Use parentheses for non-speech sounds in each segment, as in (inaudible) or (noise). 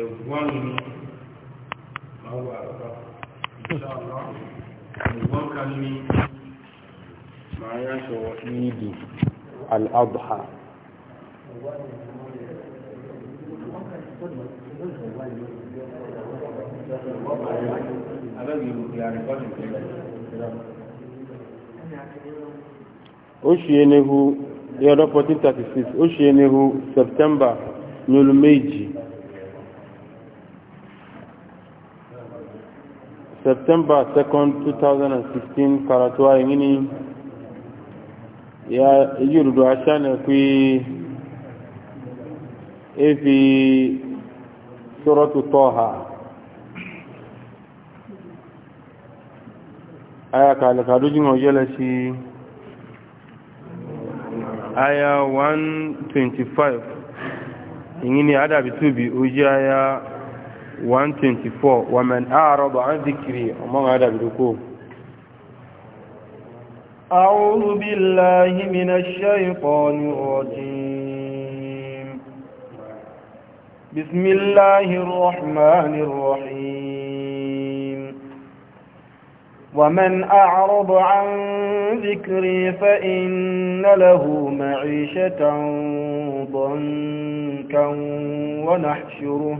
ẹ̀gbọ́n ni máa wà àpá ìṣàlọ́ ẹ̀gbọ́n kan ní máa yáṣọ ní ìdù al'adha ó ṣe ẹnihu ní ọdún 1436 ó ṣe ẹnihu September nyɔnu méjì september 2nd 2016 karatu ayi ŋini ya edziɖuɖu asiane kui evi suratu tɔha aya kale kadu dziŋɔ yele si aya 125 ingini adabi tubi ujaya 124 waman a'rada an dhikri among adabi duku أعوذ بالله من الشيطان الرجيم بسم الله الرحمن الرحيم ومن أعرض عن ذكري فإن له معيشة ضنكا ونحشره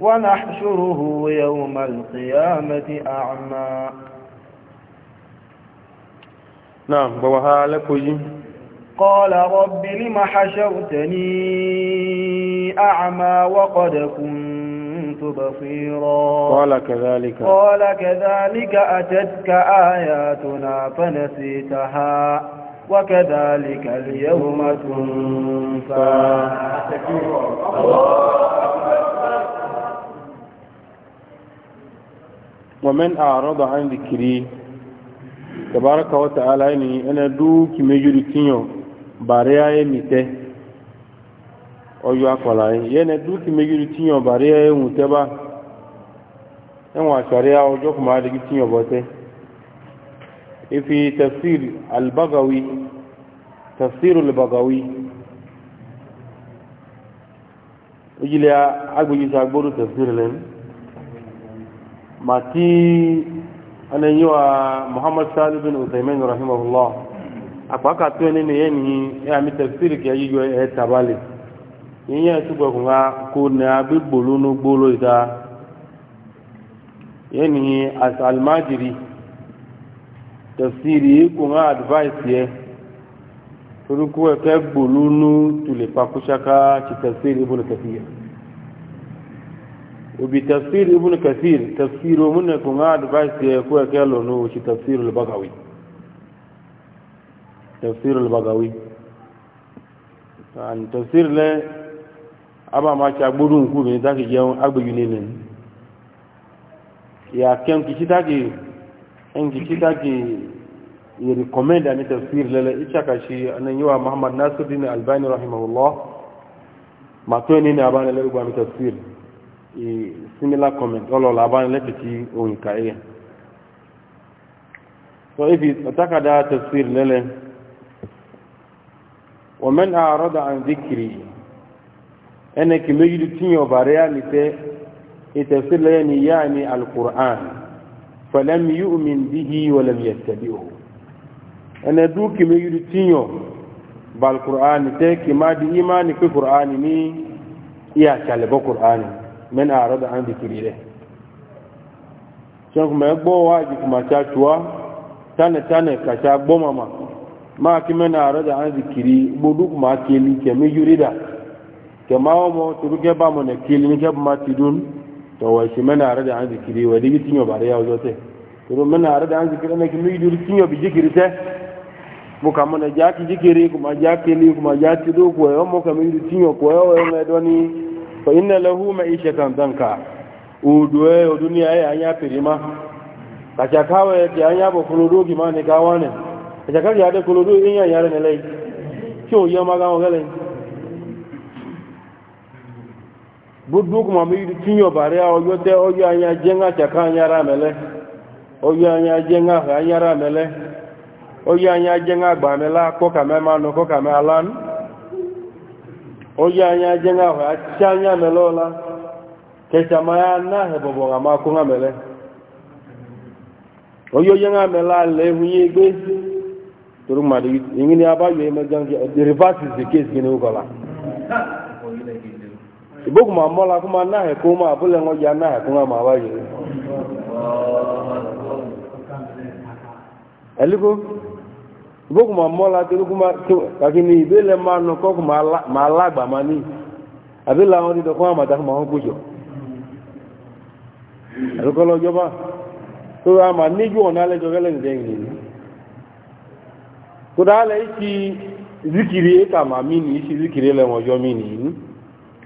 ونحشره يوم القيامة أعمى نعم بوها لكي قال رب لم حشرتني أعمى وقد كنت بصيرا قال كذلك قال كذلك أتتك آياتنا فنسيتها وكذلك اليوم na ومن أعرض عن ذكري تبارك وتعالى ni ene du ki mejuri kinyo bare aye mite oyo akola yene du ki mejuri kinyo bare aye muteba enwa sharia ojo kuma de في تفسير البغوي تفسير البغوي ويجي أقول يسأقول تفسير لهم ما تي أنا يوا محمد صالح بن عثيمين رحمه الله أقوى كاتوني نيني يعني تفسير كي يجي يوا تبالي yíyá ìtúgbọ̀ kò ká kó ní abígbòlónú gbóló ìta yẹ́nìí àti almajiri tafsiri kuma advice ye turukuwa ta bulunu tulipa kushaka ci tafsir ibn kathir ubi tafsir ibn kathir tafsiru mun kuma advice ye kuwa ke lonu ci tafsir al-bagawi tafsir al-bagawi an tafsir le aba ma cha gburu nku ni ta ki jeun agbeyune ni ya kem ki engi kika ki ya recommend ani tafsir lele icha ka shi anan yawa muhammad nasiruddin albani rahimahullah ma to ni na bana lele gwami tafsir i similar comment olo la bana lele ti on ka e so if you ataka da tafsir lele wa man a'rada an dhikri ene ki meyidu tinyo bareya te itafsir lele ni yani alquran falam yu'min bihi wa lam yattabi'hu ana duki me yuri tinyo bal qur'ani te ki ma di imani ko qur'ani ni iya chale bo qur'ani men arada an dikirire chon me gbo wa ji kuma cha tuwa tane tane ka cha gbo mama ma ki men arada an dikiri bodu kuma ke li ke me yurida ke ma mo turuke ba mo ne kili ni ke ma tidun to wa shi mana ara da an zikiri wa digi tinyo ba da yawo zote to mana ara da an zikiri na ki mi dur tinyo bi zikiri te mo ka mo na ja ki zikiri kuma ja ki ni kuma ja ti do ko yo mo ka mi dur tinyo ko yo yo na do ni fa inna lahu ma'ishatan danka o do e o duniya ya anya pirima ka ja kawe ti anya bo fulodo gi ma ne ka wane ka ja ka ya de fulodo in ya yare ne lai ki o yo ma ga o ga lai budu kuma mi yiri tinyo bari a oyo te oyo anya jenga chaka anyara mele oyo anya jenga anyara mele oyo anya jenga gba mele ko ka me manu ko ka alan oyo anya jenga ha chanya mele ola ke chama ya na he bobo ga ma ko mele oyo jenga mele le huye gbe turu ma de ngini abayo e me gangi the reverse is the case ngini ukola ìbókù máa mọ́la kó máa náà ẹ̀kọ́ máa bó ya náà ẹ̀kọ́ máa wáyé ẹ̀lúkó ìbókù máa mọ́la kí máa nù kọ́kù máa lágbà máa ní máa ń kójọ tó a máa níjú ọ̀nà alẹ́jọ́ gẹ́lẹ́ zikiri ma isi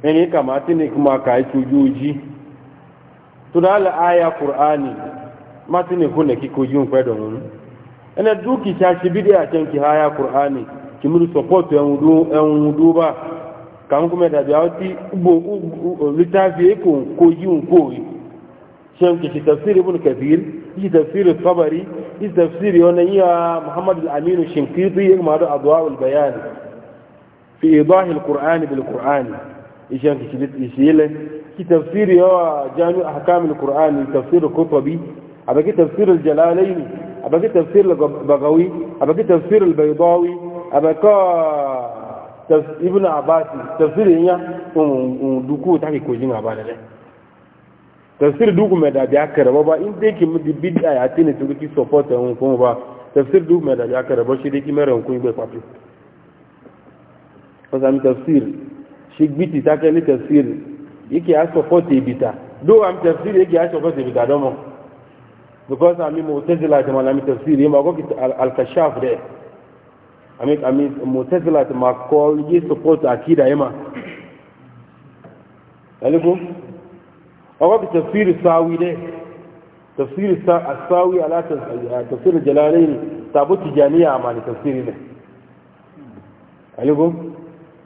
ẹni kama tí ni kuma ka yi cojú ojí tó dáàlẹ̀ àyà kùránì má tí ni hùnà kí cojú ń pẹ́ dọ̀rùn ẹni dúkì tí a ṣe bí dé àṣẹ kí àyà kùránì kí mú sọpọ́tù ẹ̀hùn dúbà kàmú kúmẹ̀ dàbí àwọn tí gbò lítàfi èkó kojú ń kó yìí ṣe ń kì í tafsiri ibùn kafir yìí tafsiri tabari yìí tafsiri ọ̀nà yìí a muhammadu aminu shinkiri tó yẹ kí màdó àdúrà olùbẹ̀yàn fi ìbáhìl kùránì bil kùránì ishan kishile ki tafsiri yawa jami ahkamul qur'ani tafsir qutbi abaki tafsir al-jalalaini abaki tafsir al-bagawi abaki tafsir al-baydawi abaka ibn abbas tafsir nya um duku ta ko jin abana le tafsir duku me da biya kare ba in dai ki mu bid'a ya tini to ki support un ko ba tafsir duku me da biya kare ba shi dai ki mere un ko be kwafi ko sami tafsir shi gbiti ta kai tafsiri yake ya sofote bita do am tafsiri yake ya sofote bita don mu because ami mu'tazila ta malami tafsiri ma go al-kashaf de ami ami mu'tazila ta ma ko yi sofote akida yema alikum ago tafsiri sawi de sa sawi ala tafsir jalalain tabuti janiya ma tafsiri ne alikum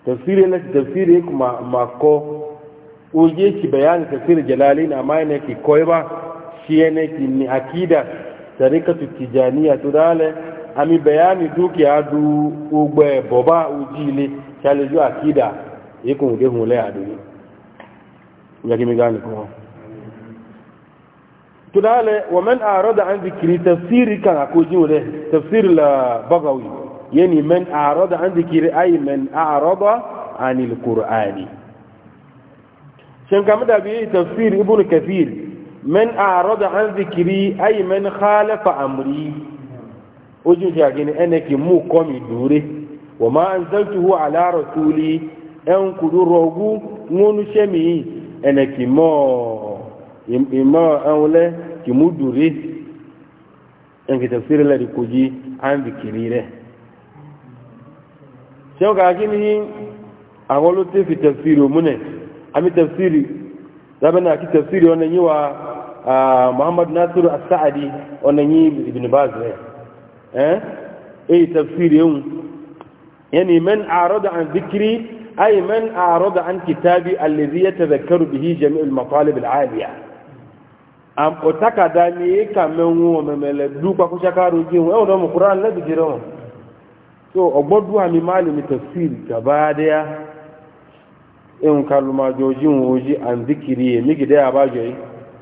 tafsiri na tafsiri kuma mako oje ki bayani tafsir jalalin amma ne ki koyi ba shi ne ki ni akida tarikatu tijaniya to dale ami bayani duki adu ugbe boba ujile chale ju akida yekun de hule le adu ya kimi gani ko to dale wa man arada an zikri tafsiri kan akojin le tafsir la bagawi yani man a'rada an zikiri ay man a'rada anil qur'ani shin kamar da bi tafsir ibn kathir man a'rada an zikiri ay man khalafa amri ojú ṣe àgbẹ̀ni ẹnẹ́kì mú kọ́ mi dúró wọ́n máa ń zẹ́tùhù aláàrọ̀ tó lé ẹn kùdú rọ̀gú ńwónú ṣẹ́mi ẹnẹ́kì mọ́ ìmọ̀ ẹ̀hún lẹ́ kì mú dúró ẹnìkì tẹ̀sírílẹ̀ kò yí á tẹ́wọ́ kàá kí ni àwọn olóòtú fi tẹ̀síìrì òmúnẹ̀ àmì tẹ̀síìrì lábẹ́nà àti tẹ̀síìrì ọ̀nà yìí wa muhammad nasiru asaadi ọ̀nà yìí ibn baz rẹ̀ ẹ́ èyí tẹ̀síìrì ẹ̀hún yẹn ni mẹ́n àárọ̀dà àn zikiri ay mẹ́n àárọ̀dà àn kìtàbí alẹ́zíyẹ tẹ̀sẹ̀kẹ́rù bìí jẹ́mi ìlmọ̀tọ́lẹ̀ bìlá àlìyà ọ̀tàkàdá ni kàmẹ́wọ̀n mẹ́mẹ́lẹ́ dúpakúṣakárojú ẹ̀wọ̀n ọ̀dọ́mù kúrán lẹ́bìjì rẹ̀ wọn so ọgbọ́dúwà ni malumi tafsir gaba daya in kaluma jojin woji an zikiri ya miki daya ba joyi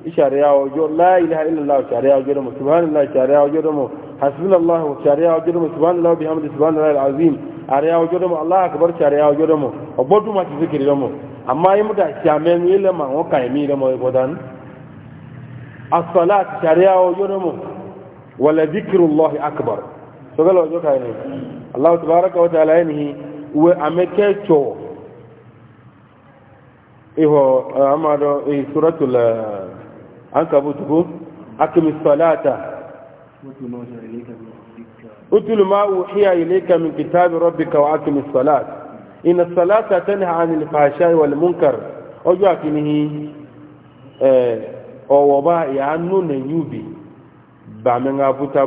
ishariya wajo la ilaha illallah shariya wajo da mu subhanallah shariya wajo da mu hasbunallah shariya wajo da mu subhanallah bihamdi subhanallah alazim ariya wajo da mu allah akbar shariya wajo da mu ọgbọ́dúwà ti zikiri da mu amma yi muka shamen yi lema wọn ka emi da mu ibodan as-salat shariya wajo da mu wala zikrullahi Allah tabaraka wa ta'ala yanihi we ameke cho iho eh, amado e suratul eh, ankabut bu akimis salata utlu ma uhiya ilayka min kitabi rabbika wa akimis salat inna salata tanha 'anil fahsha'i wal munkar ojo akinihi eh owo ba ya nu ne yubi ba me nga buta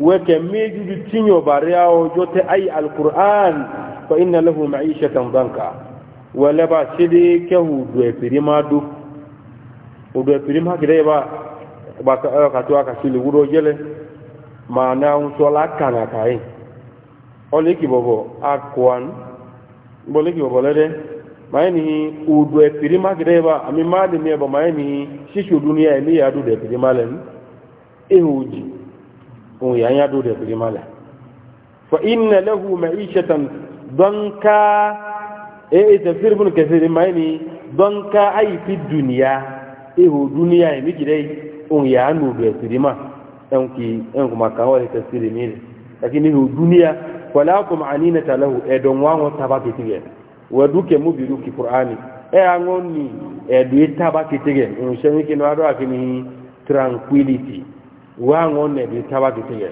weke mejuju tinyo bariyawo jote ay alquran fa inna lahu ma'ishatan danka wala ba sidi kehu dwe pirimadu udwe pirima kide ba ba ka eh, to aka sili wuro jele mana un sola kana kai ole ki bobo akwan bole ki bobo lede mayani udwe pirima kide ba ami mali ne ba mayani shishu dunia ni ya du de pirima len ehuji ohun yà ń yá dóde ẹ̀fìrí má lẹ̀ fa inna lahu ma'ishatan donka e, e tafsir ibn kathir mai ni donka ai fi duniya e ho duniya e mi kidai ohun yà ń dóde ẹ̀fìrí má ẹn kì ẹn kò má kàn wọ́n tafsir mi rẹ̀ lakin ho duniya wala kum aninata lahu e don wa won tabaki tige wa duke mu bi duki qur'ani e angon ni e du tabaki tige ohun se mi kinu ado akini tranquility wango ne bi taba ki tiye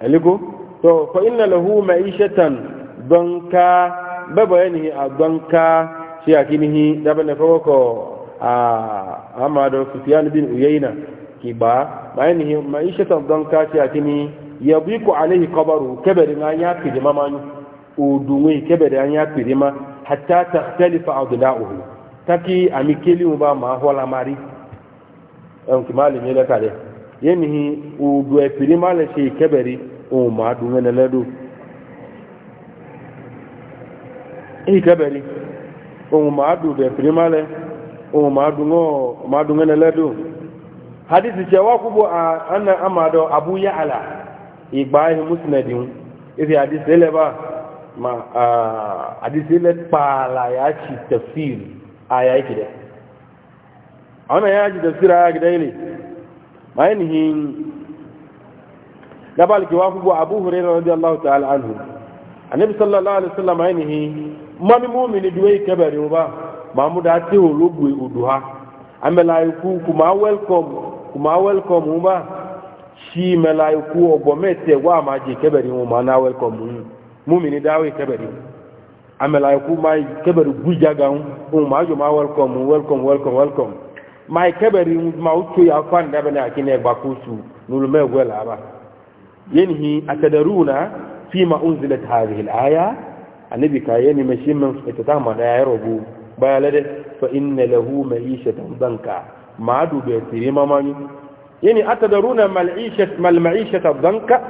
aliko to fa inna lahu ma'ishatan banka baba yani a banka shi akinihi da bane ko ko a amado sufyan bin uyayna ki ba bayanihi ma'ishatan banka shi akini yabiku alaihi qabaru kabari na ya ki mamani udunwe kabari an ya ki ma hatta takhtalifa adla'uhu taki amikeli ba ma hola mari en kimali ne da kare yenihi udu epiri male shi keberi o ma du ngene ehi keberi o ma du epiri male o ma du ngo ma du abu musnadin ma hadithi ile pala ya chi tafsir aya ikide ana ya chi tafsir aya ikide ile ainihin dabalki wa kugo abu hurairah radiyallahu ta'ala anhu annabi sallallahu alaihi wasallam ainihi mami mu'mini duwe kabari ba mamu da ti ologwe oduha amelaiku kuma welcome kuma welcome ba shi melaiku ogbo mete wa ma je kabari mu ma na welcome mu'mini dawe kabari amelaiku mai kabari gujaga mu ma jo ma welcome welcome welcome welcome ma ikebere ma ucho ya kwa ndabe na akine gbakusu nulume gwela ba yanhi atadaruna fi ma unzilat hadhihi alaya annabi ka yani mashin man ma da ya rubu ba ya lade fa inna lahu ma'ishatan danka ma du be tiri ni yani atadaruna mal'ishat mal ma'ishata danka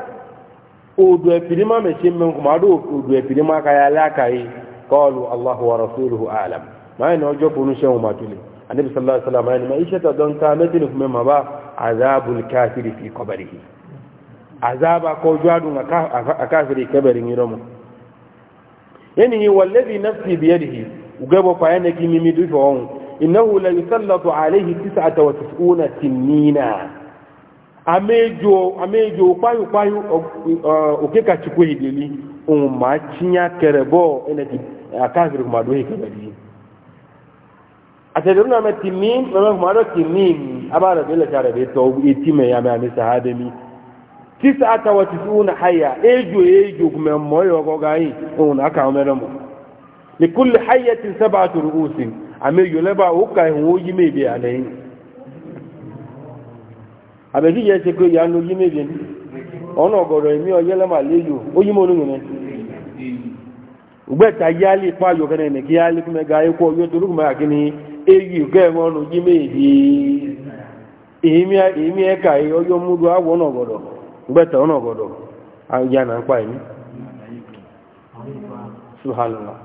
o du tiri ma mashin man ma du o du tiri ma ka ya la kai qalu allah wa rasuluhu alam ma ina ojo kunu shehu matuli annabi sallallahu alaihi wasallam yana mai shata don ta mithlu kuma ma ba azabul kafiri fi qabrihi azaba ko jwadun a kafiri kabarin yiromo yani wallazi nafsi bi yadihi ugabo fa yana kimi mi dufa on innahu la yusallatu alayhi 99 tinina amejo amejo payu payu okeka uh, chikwe hideli umma chinya kerebo ene akafiri kuma do hikabari atẹ̀lẹ́rú náà mẹ́tì mí mẹ́mẹ́kùnmọ́dọ̀ kì mí abárẹ̀bẹ́ lẹ́sàrẹ̀bẹ́ tọ́ etí mẹ́yàmẹ́ àmì sàádẹ́mí tisa atawa tisuu na haya ejo ejo kume moyo ko gai on aka omero mo li kulli hayatin sab'atu ru'usin ame yuleba ukai ho yime bi ale abe ji je se ko ya no yime bi ni ona ogoro emi oyele ma leyo oyimo lu ni ugbe ta yali pa yo kene ni ki yali kume gai ko yo duru kume akini egi ga-enwe ọnụ gị mebi imi e ka ọjọọ mmụrụ agwọ ọnọgọdọ mgbeta ọnọgọdọ ya na mkpa imi subhanallah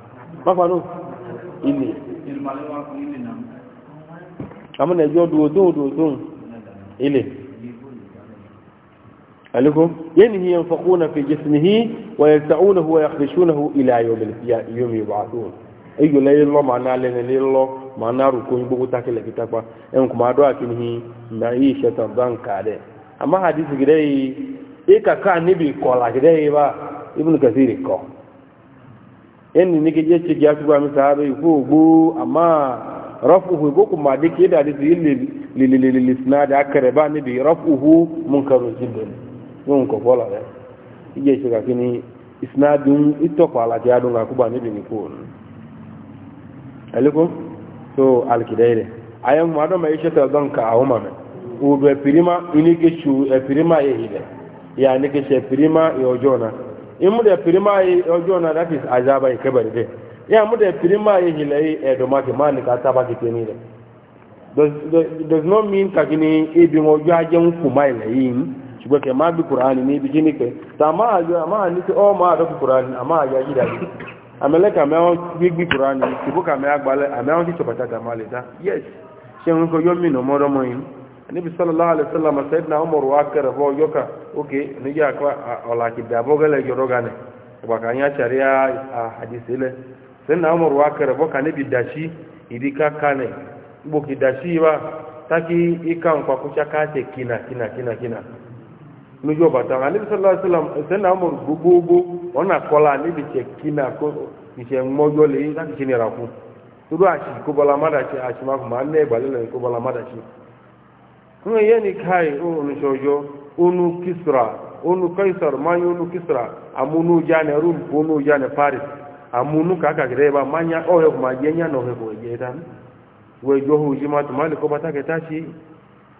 mafanu ili amu na ejo du odun du odun ili alikum yanhi yanfaquna fi jismihi wa yasta'unahu ila maana ruko bugu ta kele kitakwa en kuma do akini hi na yi shaitan ban kare amma hadisi gidai e ka ka ni bi kola gidai ba ibn kasiri ko en ni ke je ci ga tuwa mi sahabe ko go amma rafuhu go kuma de ke da hadisi lil lil lil isnad akare ba ni bi rafuhu munkaru jiddan mun ko kola da ije ci ga kini isnadun itto kola ga dun ga kuba ni bi ni ko alaikum so alkidaire ayan mu adama ishe ta zan ka me ube pirima ini ke chu e pirima ye ya ni ke che pirima ojona imu da pirima ye ojona that is azaba ye kabari de ya mu de pirima ye hile e do ma ke ma ni ka ta ba ke de does does not mean ka kini e bi mo aje un ku mai yin ṣùgbọ́n kẹ ọ amẹ́lẹ́kà mẹ́wọ́n gbígbí kura ni ìbúkà mẹ́wàgbálẹ̀ àmẹ́wọ́n tí tọ̀bàtà dàmà lè dá yes ṣe ń kọ yọ́mì nà mọ́rọ́mọ́ yìí níbi sọ́lọ́lá alẹ́sọ́lá masẹ́dínà ọmọrù akẹrẹ fọ́ yọ́kà ókè níjà ọ̀làkìdà abọ́gẹ́lẹ̀ yọ̀rọ̀gánẹ̀ ìgbàkà yẹn àṣàrí àdìsílẹ̀ sẹ́dínà ọmọrù akẹrẹ fọ́ kà níbi dàṣí ìdí kákanẹ̀ gbòkì dàṣí wa tákì ìkà ń pàkúṣà káàtẹ̀ kìnà kìnà kìnà kìnà lójú ọba tó àwọn anabi sọlá sọlá sẹlẹ amọ gbogbogbò ọ̀nà kọlá níbi tẹ kínà kó ìṣẹ̀ ńmọ́jọ́ lè láti ṣe nira fún torí àṣì kóbọlá mádàṣe àṣì máa fún máa ń ná ìgbàlẹ́ lẹ́yìn kóbọlá mádàṣe. ń ni káyì olùṣọ́jọ́ onu kisra onu kaisar mayi onu kisra amunu jane rum onu jane paris amunu kàkàkiri ẹ̀ bá manya ọ̀hẹ́ kò máa jẹ́ yánn ọ̀hẹ́ kò jẹ́ dání wọ́n ìjọ́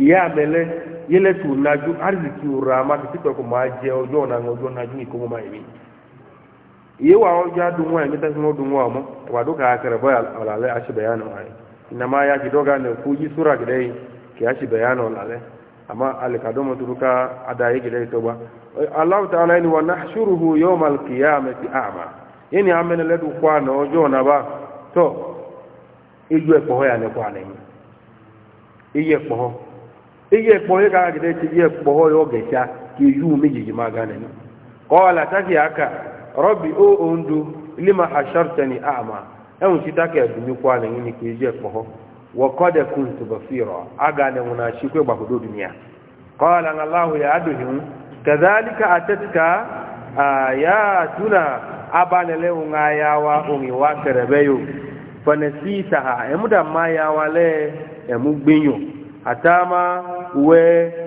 ihe a yẹlẹ tó nájú ki ura àmà kìtì pẹ̀kọ̀ máa jẹ ọjọ́ ọ̀nà ọjọ́ nájú ní kọ́mọ́ máa iye wa ọjọ́ adùnwó ẹ̀mí tẹ́sán ó dùnwó ọmọ ẹ̀wà dókà akẹrẹ bọ́ ọ̀làlẹ́ àṣìbẹ̀yà ya kì dọ́gà a ni wọn náà ṣúrùhù yóò máa kì í àmẹ́ ti àmà yìí iye kpɔ ye kaa gɛdɛ ti iye kpɔ hɔ yɔ gɛsia k'i yu mi jiji ma gan nani kɔɔla taki aka ka rɔbi o on do lima asharitani ama ɛn si ta kɛ dumi kɔ ale ŋini k'i iye kpɔ hɔ wa kɔdɛ kun tuba fiirɔ a gan ne ŋuna si ko gbako do dumiya kɔɔla ŋa lahu ya adu hin kazalika atatika ayatuna abanele ŋa yawa ŋi wa kɛrɛbɛ yo fanasi saha ɛmu da ma yawa lɛ ɛmu gbenyo atama. we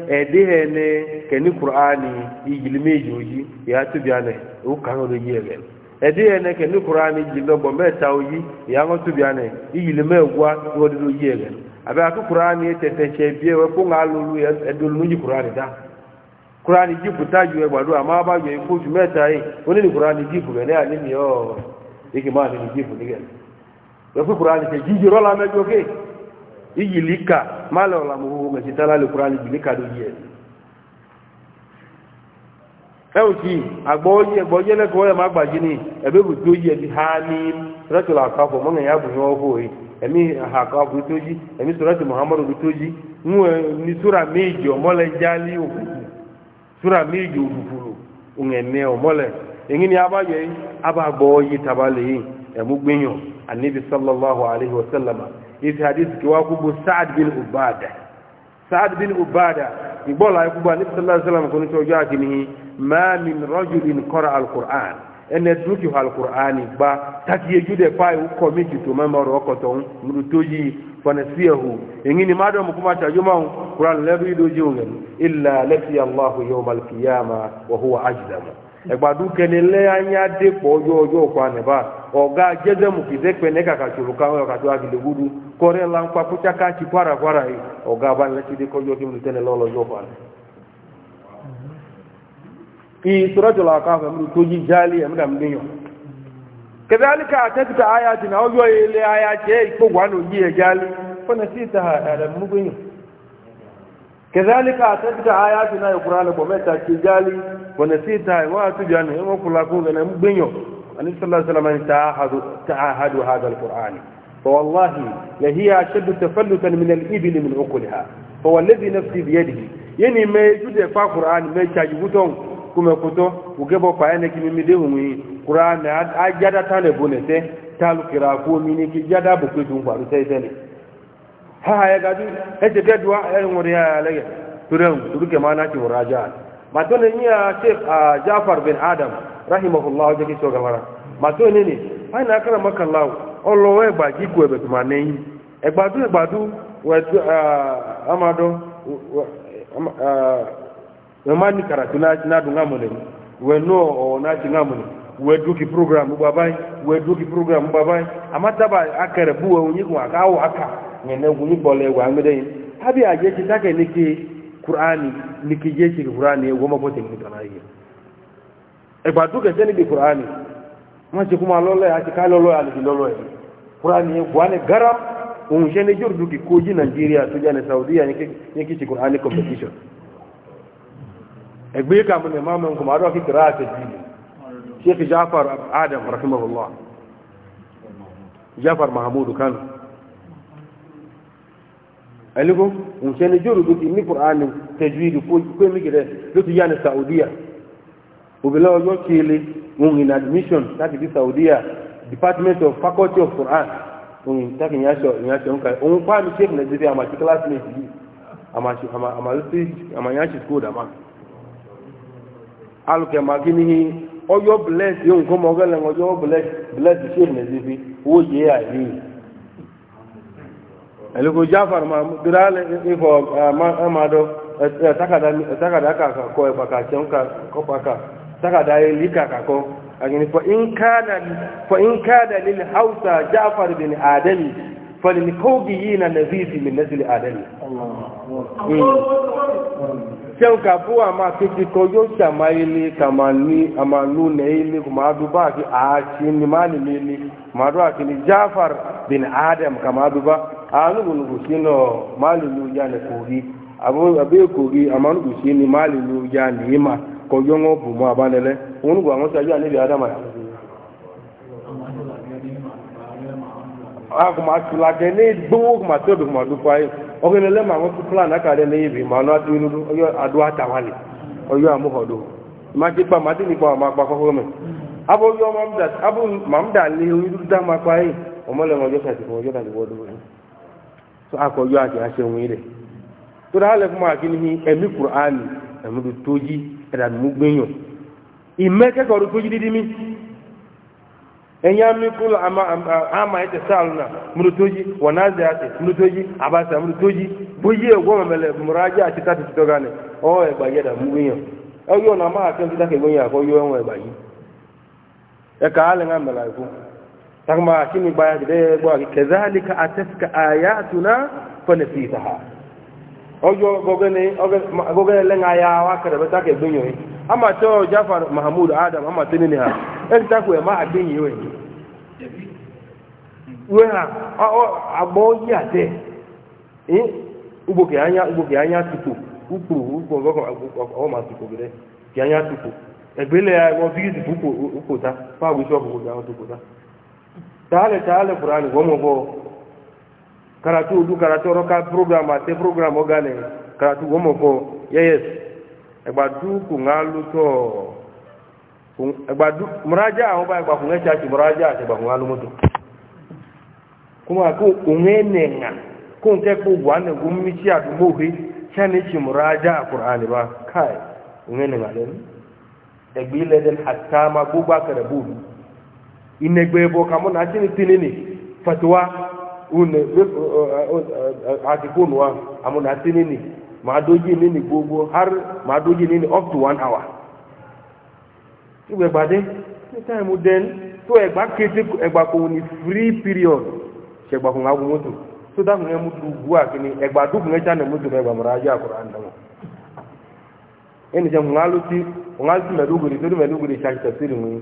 edihene keni qur'ani igilime joji ya tubiane u kanu do yele edihene keni qur'ani igilime bombe tawji ya ngo tubiane igilime gwa do do yele abe aku qur'ani tete chebie we kunga lulu ya edul muji qur'ani da qur'ani jibu taju e gbadu ama ba je ku ju meta yi oni ni qur'ani jibu gele ani mi o igi ma ni jibu ni gele we ku qur'ani te jijiro la mejo ke okay? ijilika mala ola mu ga jitala le qur'an ijilika do ye e o ti agbo ye agbo ye le ko le ma gbaji ni e be bu do ye bi hani suratul akaf mo ya bu ihe ho yi emi ha ka bu to ji emi suratul muhammad bu to ji ni sura meji le jali o sura meji o bubulu o nge o mo le engin ya ba ye aba agbo yi tabale yi e mu gbeyan annabi sallallahu alaihi wasallama isi hadisi kiwa kubu sa'ad bin ubada sa'ad bin ubada igbola kubu anabi sallallahu alaihi wasallam kunu tojo akini ma min rajulin qara alquran ene duki hal qur'ani ba takiye jude pai uko miti to mama ro ko ton murutoji fanasiyahu ingini mado mukuma ta juma qur'an lebi do jungen illa lati allah yawm alqiyama wa huwa ajdamu ẹgbàdo kẹne lẹ anya de kpọ ọjọ ọjọ ọkọ anẹba ọgá jẹjẹmù kìdẹ pẹ ní kàkà tsoro ká ọyọ kàtó agilẹ wudu kọrẹ la ńkpa kútsaka tsi kwara kwara yi ọgá abalẹsí de kọjọ kí mi tẹnẹ lọ lọjọ ọkọ anẹ. ìsọ̀rọ̀jọ̀ la ká fẹ́ mi tó yí jáde ẹ̀mí كذلك أتتك آياتنا القرآن بمتا كجالي ونسيتها وأتجان هم كلاكم أنا مبينيو النبي صلى الله عليه وسلم تعاهدوا تعاهدوا هذا القرآن فوالله لهي أشد تفلتا من الإبل من عقلها فهو الذي نفسي بيده يعني ما يجد فا قرآن ما يجبوتون كما كتو وكبو فاينك من مديهم قرآن أجد تانبونته تالو كراكو منك جدا بكتون فارسيتني haha ya gadu hece gadwa irin wuri ya lage turan turuke ma na ki muraja mato ne ya sheikh Jafar bin Adam rahimahullah ya ki so gamara mato ne ni ai na kara maka lawo olowe gba ji ku ebe tuma ne egbadu egbadu we amado we ma ni karatu na na dunga mo ne we no o na ti ngamo ne we du ki program babai we du ki program babai amata ba akere buwe onyi ku aka o aka ngenegun ni bole wa ngede habi aje ti take niki qur'ani niki je ti qur'ani wo mo bote ni kana yi e ba duke se ni bi qur'ani ma ti kuma lolo ya ti ka lolo ya ni lolo e qur'ani e gwane garam un je ne jurdu ki koji nigeria to jane saudiya niki niki competition e gbe ka mo ne ma mo Jafar Adam rahimahullah Jafar Mahmud Kano ẹlẹ́gbọ́n ǹṣẹ́ ni jóòrò tó ti ní kùránì tẹ̀jú ìdí pé mí kìrẹ́ ti yá ní saudiya òbílẹ̀ ọjọ́ kéèlé òun in admission láti di saudiya department of faculty of quran òun táàkì ìyáṣọ ìyáṣọ ń ka òun pa mi ṣe ìpìlẹ̀ dédé àmàṣe classmate yìí àmàyáṣe school dàmà alùkẹ́ màkí o ọjọ́ bless yóò nǹkan mọ́ ọgẹ́lẹ̀ ọjọ́ bless ṣe ìpìlẹ̀ dédé owó yẹ àìlè ẹ̀lẹ́kọ̀ jáfàr ma dúrálì ifọ̀ amado takada kàkà kọ ìpàkà tẹ́un kọpàkà takada ilé kàkà kọ agini fa in kada lil hausa jáfàr bin adami falin kogi yi na nazifi min nazili adami tẹ́un hmm. ka fún àmà kéjì kọ yóò ṣàmà ilé kàmà ní àmàlú nẹ ilé kò máa dúbà àti àṣì ní máa nìlé ní máa dúbà àti ní jáfàr bin adam kàmà dúbà anugunugusi nɔ maali nu ya ne kogi abo abe kogi amanugusi ni maali ma kɔ yɔngɔ bumu abane lɛ ya ne adama ya. gbogbo ma plan na ka dɛ ne ye bi ma ɔna tu nudu ɔyɔ adu ma ti kpa ma ti ni kpa ma kpa kɔkɔ mɛ abo yɔ mamuda ma kpa so akɔjɔ ake aseŋu yi dɛ to ɖa alɛ kuma akini hi ɛmi kur'ani ɛmi do todzi ɛdani mu gbenyɔ ìmɛ kɛkɛ todzi didi mi ama ama ɛtɛ saalu na mu do todzi wɔnaze ase mu do todzi abasa mu do todzi boyi ati ta ti ganɛ ɔ ɛgba mu ɛyɔ na ma ta kɛ ɛgba yi ɛka alɛ ŋa kama kini baya da ya gwa kazalika ataska ayatuna fa ojo gogene gogene lenga ya wa kada ba take dunyo ama to jafar mahmud adam ama tinini ha en ta ku ma adin we we ha abo yi ate eh ubo ke anya ubo ke anya tutu upo upo go ko ma tutu gede ke anya tutu egbele ya wo bigi tutu upo ta fa so tutu ta taale taale qur'ani gomo bo karatu du karatu ka program ate program ogane karatu gomo bo yes egba du ku ngalu to egba du muraja awon ba egba ku ngecha ti muraja ate ba ngalu moto kuma ku ungenenga ku nke ku wane gummi ti adumo he chane ti muraja qur'ani ba kai ungenenga len e le den hatta ma bubakar bubu inegbe bo kamo na chini tinini fatwa une eh, eh, eh, atikunwa amo na tinini madoji nini gbogbo har madoji nini up to one hour ìgbẹ̀gbàdé ní táìmù den tó ẹgbà kété ẹgbà kò ní free period ṣẹgbà kò ń gbàgbó mọ́tò tó dáhùn ẹ mú dùgbò àkíní ẹgbà dùgbò ẹjà ní mọ́tò ẹgbà mọ́ra ajé àkùrọ̀ àndàmọ́ ẹnìjẹ́ ń gbà ló ti ń gbà ló ti mẹ́lógòrè tó ní mẹ́lógòrè ṣàkíṣẹ́ sí ìrìn wọn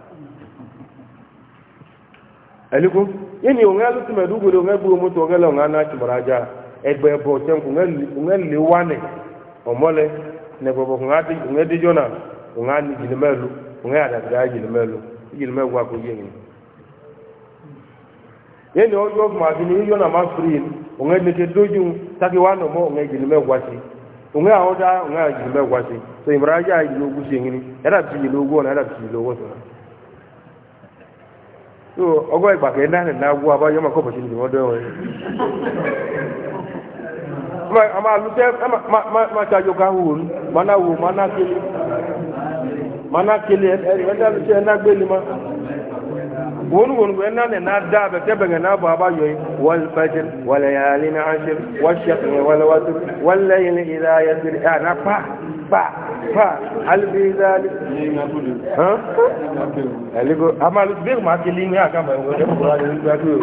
eliku yini onge aluti medu gudu onge bu mutu onge la na anachi baraja egbe bo tenku onge onge liwane omole ne bobo na adi onge di jona onge ani jini melu onge ada ga jini melu jini melu wa ko yini yini ojo ma jona ma free onge ne te doju taki wano mo onge jini melu wasi onge aoda so era ona era so ọgọ́ ìpàkẹ́ náà náwó máa ṣàjọ ká ní n'a bɔ a b'a yɔ ye wali fajiri ni a pa pa ha, dali hàn ẹlẹgbẹ amalu bí mo ti lé ní àkàmọ ẹwọn ẹwọn ẹwọn ẹwọn ẹwọn ẹwọn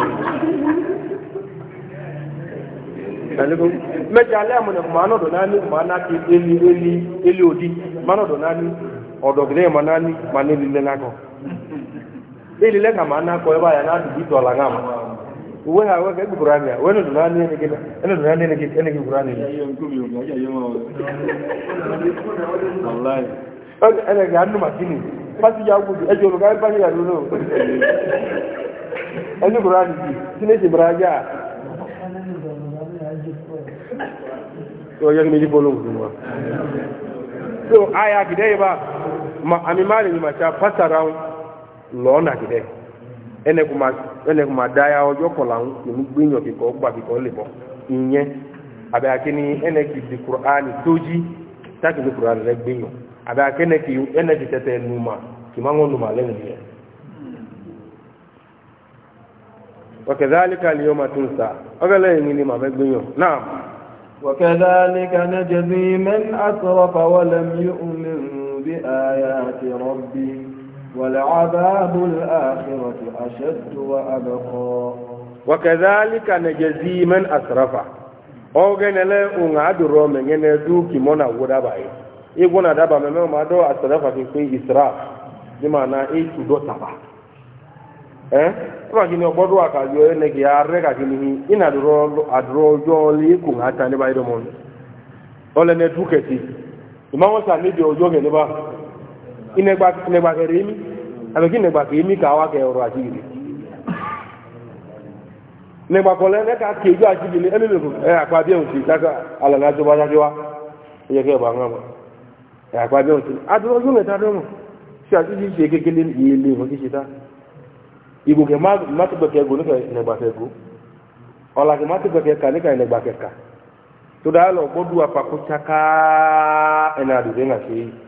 ẹlẹgbẹ mẹjọ alẹ amúnẹ kò máa nọdọ náà eli eli eli odi máa nọdọ náà ní ọdọ gẹdẹ uwe ha awe ka ekpukpuru anya uwe nọ na anụ enegị enegị kwuru anya maka pati ya gwụji eji olu ya lụrụ enyi kwuru anya ji chineke bara aja a oye gị n'eji bọọlụ ngwuru na ene kuma ene kuma daya ojo kola un ni gbinyo ki ko gba ki ko le bo ìyẹn abe akini ene ki di qur'an toji ta ki di qur'an le gbinyo abe akene ki ene ki tete numa ki mango numa le ni وكذلك اليوم تنسى أغلى يميني ما بقبنيو نعم وكذلك نجزي من أسرف ولم يؤمن بآيات ربه ولعذاب الآخرة أشد وأبقى وكذلك نجزي من أسرف ogene le unga aduro mengene du kimona woda bai iguna daba meme ma do asrafa ki pe israf bi mana e tu do taba eh ba kini obodo aka yo ene ki are ka kini ina aduro aduro jo li ku ngata ni bai do mon ole ne du keti imawo sa ni do jo gele ba inegbake remi abeki inegbake emi ka awa ke ọrọ ajiri inegbakọ lẹ ẹka keju ajiri ni ẹmẹmẹ ko ẹ akpa bí ẹhùn ti kaka alẹ n'adzọ bá dájọ wa ẹyẹ kẹ ẹbà ńlá mọ ẹ akpa bí ẹhùn ti adúlọ ọdún mẹta dọ mọ si ati ti se kekele yìí lé ìhùn títí ta ìgòkè má ti gbẹkẹ go níka inegbake go ọlàkè má ti gbẹkẹ ka níka inegbake ka tó dáa lọ gbọdú apakó tsaka ẹnà àdùdé ńlá se yìí.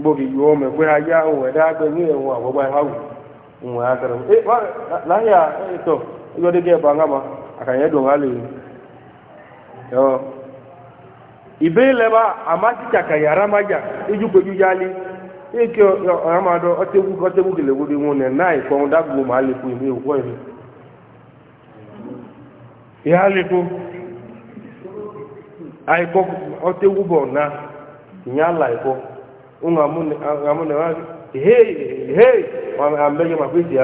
gbogbo ìgbò ọmọ ẹgbẹ́ ayá ohun ẹ̀dá agbẹ́ ní ẹ̀wọ̀n àgbọ́gbá ìháwù ohun àgbẹ̀rẹ̀ ẹ láyà ẹ̀tọ́ ìjọdégé ẹ̀bà ńgáma àkànyẹ́dùn wà lè ẹ̀ ìbéèlẹ̀ bá àmájíkàkà yàrá májà ìjúpejú yálé eke ọ̀hámadọ́ ọtẹ́gbù kìlẹ̀gbùdì wọn nẹ̀ náà ìkọrun dágbò máa na ìyá kọ. ungamune wake hey hey ambeke mapisi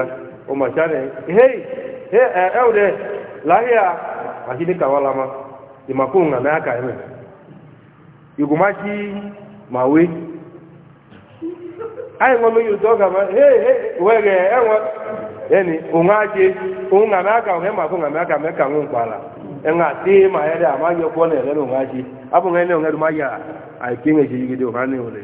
umachane hey hey eude eh, eh, lahia lakini kawalama imakunga na yaka eme yugumachi mawe ayi ngome yutoka ma hey hey wege enwa eh, yani ungaje ungana aka ngema kunga meka enga ti ma yede amayo kone lelo ngaji abu ngene ngeru maya ai kinge ole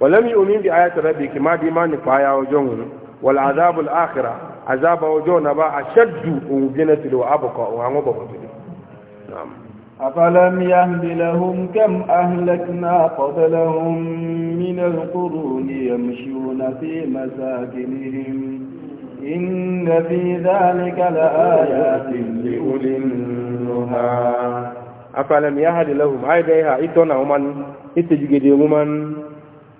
ولم يؤمن بآيات ربي كما ديما نفايا وجون والعذاب الآخرة عذاب وجون با أشد وجنة وأبقى وعنوبة نعم أفلم يهد لهم كم أهلكنا قبلهم من القرون يمشون في مساكنهم إن في ذلك لآيات لأولي النهى أفلم يهد لهم أيديها إتونا ومن إتجيدي ومن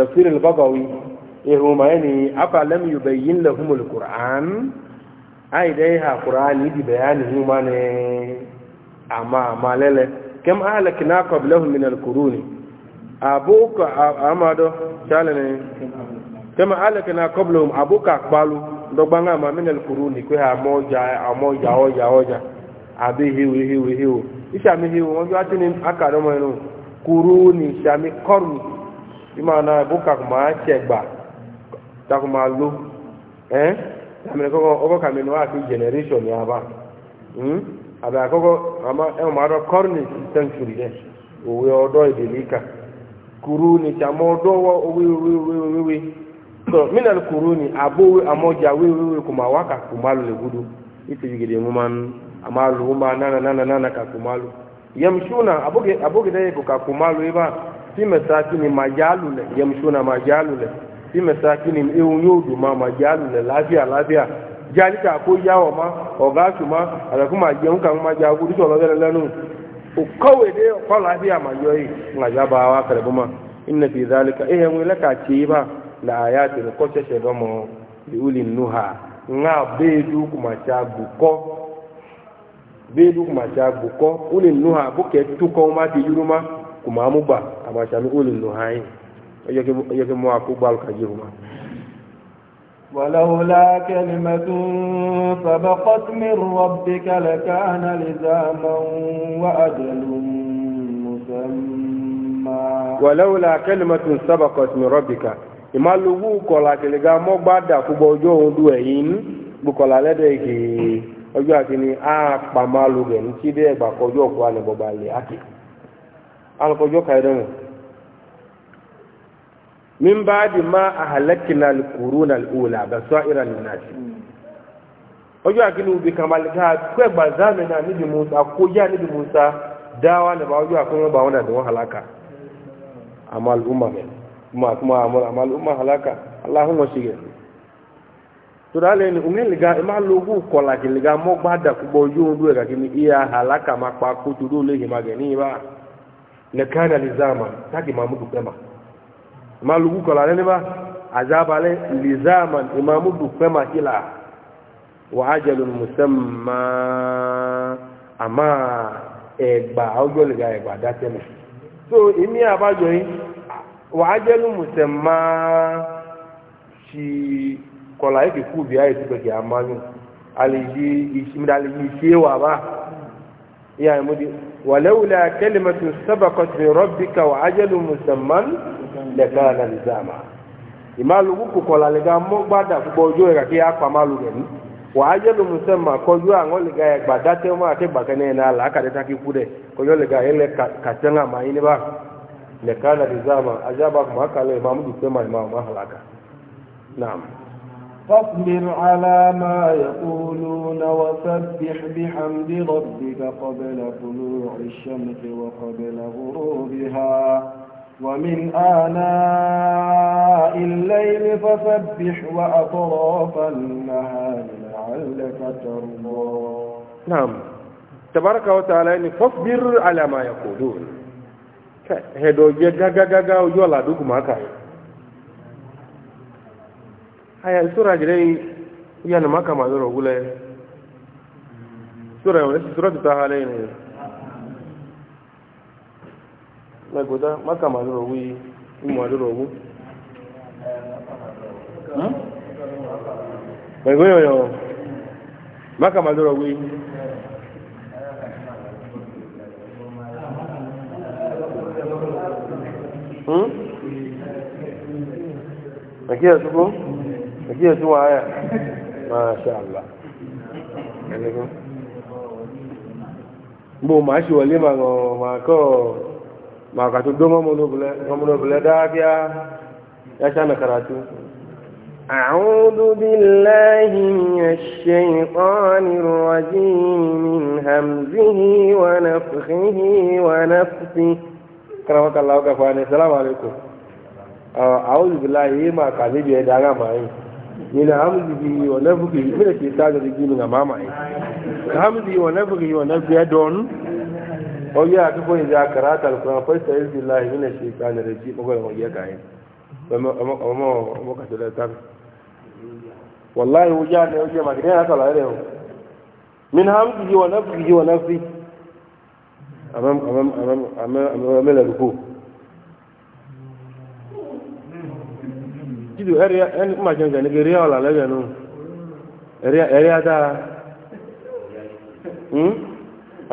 tafsir al-bagawi ehuma yani afa lam yubayyin lahum al-qur'an ai dai ha qur'ani di bayani huma ne amma malele kam ahlakna qablahum min al-quruni abuka amado chalene kam ahlakna qablahum abuka qalu dogba nga ma min al-quruni ko ha moja amoja oja oja abi hiwi hiwi hiwi isha mi hiwi won jo atini akaro mo no quruni shami qarni imana buka kuma chegba ta kuma lu eh amene koko obo kamenu wa ki generation ya ba hmm aba koko ama e ma ro corni century de o we odo idelika kuruni chamo do wo we we we we so minal kuruni abo amoja we we we kuma waka kumalu le gudu ite yigede muman amalu ma nana nana nana ka kumalu ge aboge aboge dai ka kumalu iba fi masakini majalule yamshuna majalule fi masakini ehun yóò dùn ma majalule láfíà láfíà jálíkà kó yá ọ̀ ma ọ̀gá tù ma àlẹ́kùn máa jẹun kà ń ma a agolo tí ọlọ́dẹ lẹ́nu òkọ́wé dé ọ̀kọ́ láfíà máa yọ yìí ń àjá bá wa kẹrẹ̀ ma fi zálíkà ha àmàṣàmì olè lò hàn yín ọjọ́ kí mo àkógbà lùkàjì rùmá. ولولا كلمة سبقت من ربك لكان لزاما وأجل مسمى ولولا كلمة سبقت من ربك ìmá lówó kọlà kìlìgá mọ́gbádà púpọ̀ ọjọ́ ohun dú ẹ̀yìn gbùkọlà lẹ́dẹ̀ èké ọjọ́ àkíní àpàmà lògẹ̀ ní kí dé ẹgbà kọjọ́ ọkọ̀ alẹ́gbọ̀gbà lè ákè alùpọ̀jọ́ kàìdánwò min ba'di ma ahlakna al-quruna al-ula basaira lin-nas ojo akini ubi kamal ka kwe bazame na nibi musa koja nibi musa dawa ne ba ojo akini ba wona da halaka amal umma men kuma kuma amal amal umma halaka allahumma shige to dale ni umen liga ima logu kola ki liga mo gbada ku bo yo ndu e ka kini iya halaka ma pa ku tudu le hima gani ba ne kana lizama taki mamudu kema malugu kɔla lɛ niba azaba lɛ lizaman imamu du fɛma ila wa ajalu musamma ama ɛgba awujɔ liga ɛgba da tɛmɛ so imi abajɔ yi wa ajalu musamma si kɔla yi kiku bi ayi tukɛ kia manu aliyi isimida aliyi se wa ba iya yi mu di walewula kɛlɛmɛtu sabakɔtu rɔbika wa ajalu musamman lekana nizama imalu kuku kola lega mo gbada gbogbo ojú ẹ̀ka kí akpa malu rẹ̀ ní wà á yẹ́lu musamman kọjú àwọn lega ẹgbà dátẹ́ wọn àti gbàgẹ́nẹ́ náà làákàtẹ́ tá kí kú dẹ̀ kọjú lega ẹlẹ́ kàtẹ́ ńlá màá yín níbà lekana nizama ajaba kò má kalẹ̀ ìmàmù dùkú mà ìmàmù naam. فاصبر على ما يقولون وسبح بحمد ربك قبل طلوع الشمس وقبل غروبها ومن آناء الليل فسبح وأطراف النهار لعلك ترضى نعم تبارك وتعالى فاصبر على ما يقولون هدو جاجا جاجا وجولا دوك ماكا هيا السورة جري يعني ماكا ما يروه سورة سورة تعالى mekụta maka madụrụ onwe ya ụmụ adụrụ onwe mekụyoyo maka madụrụ onwe ya nakia tuko nakia tu haya mashaallah mbo mashi walima ngo mako maka to doma monobule dafiya ya sha na karatu أعوذ بالله من الشيطان الرجيم من همزه ونفخه ونفسه كرمك الله كفاني السلام عليكم أعوذ بالله ما كان يبي دعنا معي من همزه ونفخه من الشيطان الرجيم من أمامه همزه ونفخه ونفسه دون o yi a tuko iza karata alkuran fa sai izbi lahi mina shi ka na raji magwai mai yaka yi amma ka tada ta wallahi wuja ne wuja ma gidan haka lafiya yau min hamdihi wa nafsihi wa nafsi amam amam amam amam amam laluko kidu ɛri ɛni kuma jɛn jɛn nege riya wala lɛ jɛnu ɛri ɛri ata hmm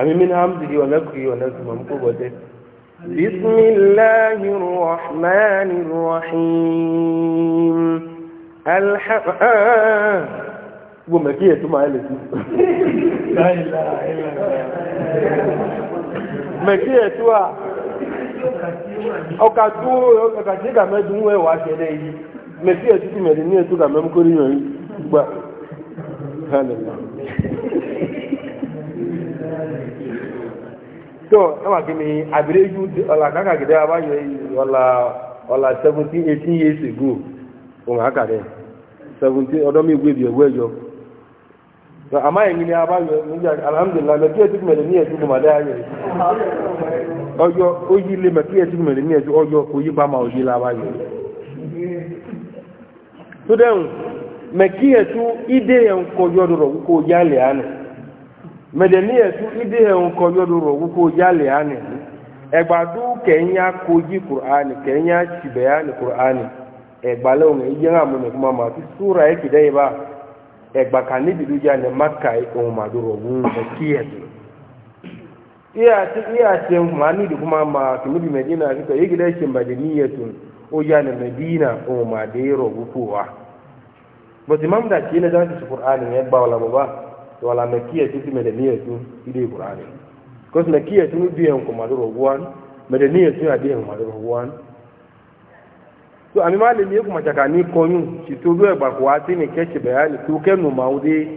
àmì mí náà hàmdìdì ọ̀nàkùnrin ọ̀nàkùnrin mọ̀mú kò bọ̀dẹ́. bisimilahi rahman rahim alhamdulilayi. gbogbo mẹ́kí ẹ̀ tó máa lè sí. mẹ́kí ẹ̀ tó à ọkà tó ọkà tí gàmẹ́dùn tó ẹwà kí ni àbílẹ̀jú ọ̀là kákàkiri abáyọ ọ̀là ọ̀là seventeen eighteen years ago òun àkàrẹ̀ seventeen ọdọ́ mi gbé ìbíọ̀wọ́ ẹ̀yọ. àmọ́ ẹ̀yìn ni abáyọ níjà alhamdulilayi mẹ́tí ẹ̀tí mẹ́rin ní ẹ̀tí kò má dá ayọ̀ yìí. ọjọ́ ó yí ilé mẹ́tí ẹ̀tí mẹ́rin ní ẹ̀tí ọjọ́ kò yí pamọ́ òyìn lábáyọ. tó dẹ́hùn mẹ́kí ẹ̀tú ìdè ẹ̀ ń kọjọ́ dọ̀rọ̀ kó yálẹ̀ medenia tu ide he ŋkɔ yɔdoro woko yali ani ɛgbadu kɛnya koji kur'ani kɛnya sibɛyani kur'ani ɛgbalɛ ŋa iye ŋa mun kuma ma tu sura eki de ba ɛgba ka ne bidu ja ne maka ŋun e ma doro ŋun ma kiyɛ tu iya ti iya ti ma ni di kuma ma tumi bi medina ti ka eki de si medenia tu o ja ne medina ŋun ma de yɔrɔ woko wa bɔn ti mamu da tiɲɛ ne da ti kur'ani ŋa ɛgbawo la mo ba wala mɛ kiyɛ tu ti mɛdɛ niyɛ tu i de kurani kɔsi mɛ kiyɛ tu di yɛn kuma dɔrɔn wɔn mɛdɛ niyɛ tu yɛ di yɛn kuma dɔrɔn wɔn to ami maa le ni kuma caka ni kɔnyu si to bɛ ba ko ni kɛ tibɛ ya ni to kɛ nu ma o de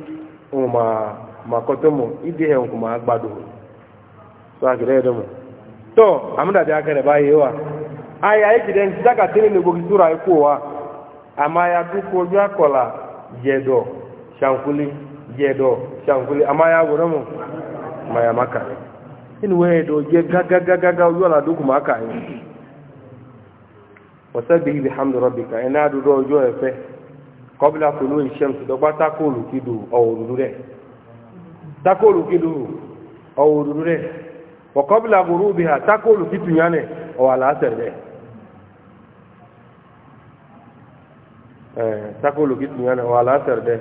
o ma ma kɔtɔmɔ i de yɛn kuma gbado to a kɛlɛ yɛ dɛ mo tɔ amina de a kɛlɛ b'a ye wa ayi a ye kiri n sisa ka teli ni gogi tura ye ko wa ya du ko ju a kɔ la jɛ jeeɗo cankuli ama yagunomo mayama kaye in weeɗo je gagagagaga yona dukuma kaye wa sabihi bihamdi rabbika ena du ɗo jo e fe qabla kului shamsi ɗo ɓa takolu kidu owodudu de takolu kidu owodudu de wa qabla gurubiha takolu kituñane o ala ser de eh, takolu kituñane o ala ser de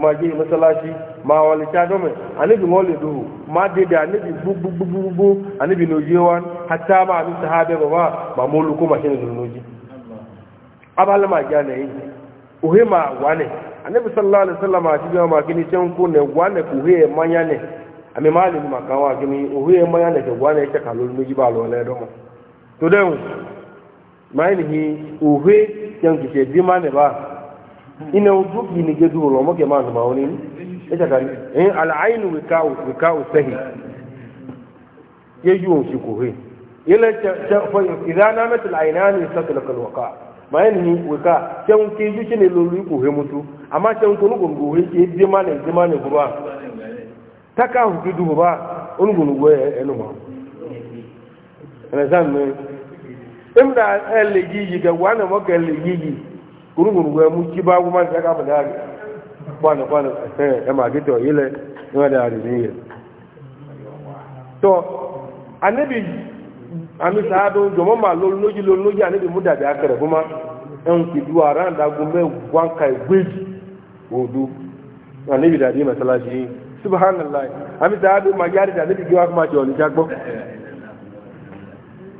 ma je masallaci ma wali ta dome anibi ngole do ma de da anibi bu bu bu bu bu anibi no yewan hatta ma mi sahabe baba ma molu ko ma shine zunuji abal ma ja ne uhe ma wane anibi sallallahu alaihi wasallam a ji ma kini cen ko ne wane ku he manya ne ami mali ma kan wa kini uhe manya ne ke wane ke kalol mi ba lo le do mo to den ma ni uhe cen ki se dimane ba ina wudu gini gedu lo mo ke ma ma woni e ta kan eh al ain wikau wikau sahi yeju si he ila ta fa idha namat al ainan yastatlaq al waqa ma yanni wika tan ke ju chine lo lu ku he mutu amma tan ko nugo he ke de ma ne ma ne taka hudu go e eh, enu ma zan imda eh, gigi ga wana mo ke kurukuru wɛ mu ci baabu man sɛ ka mu daari kpɔni kpɔni ɛɛ eh, ɛma eh, a bi tɔ ile lɛ ɛma daari ni tɔ anabi ami saa do jɔnma ma lolo lójú lolo lójú anabi mu dabi akɛrɛ kuma ɛn ti du aran dagun bɛ wan ka gbeji o du anabi dabi masalasi subhanallah ami saa do ma yaari da anabi gba kuma jɔli jagbɔ.